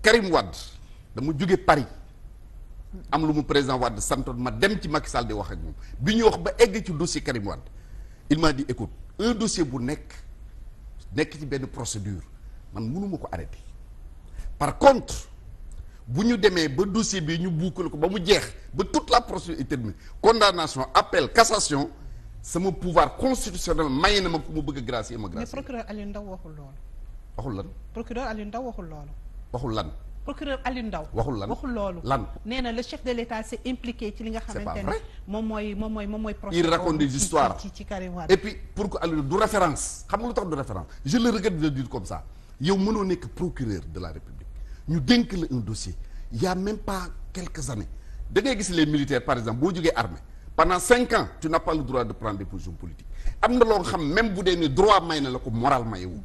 Karim Wade dama jóge Paris am lu mu président Wade santoon ma dem ci Macky Sall di wax ak moom bi ñuy wax ba egg ci dossier Karim Wade il m'a dit écoute un dossier bu nekk nekk ci benn procédure man mënuma ko arrêter par contre bu ñu demee ba dossier bi ñu boucler ko ba mu jeex ba toute la procédure est terminée condamnation appel cassation sama pouvoir constitutionnel maye na ma ku ma bëgg a gracier ma gracier. mais procureur Aliou Ndao waxul loolu. waxul lan. procureur Aliou Ndao waxul loolu. waxul lan. procureur Aliou Ndao waxul lan waxul loolu. lan nee na le chef de l'État s'est impliqué ci li nga. xamante ne moom mooy moom mooy moom mooy. procès il raconte des histoires ci ci Karim Wade. et puis pour que Aliou du référence xam nga lu tax du référence je le regrette de le comme ça yow mënoo nekk procureur de la République ñu dénk la un dossier il y a même pas quelques années da gis les militaires par exemple boo jógee armée pendant cinq ans tu n'as pas le droit de prendre des positions na loo xam même bu dee ne droit may na la ko moral mayewu.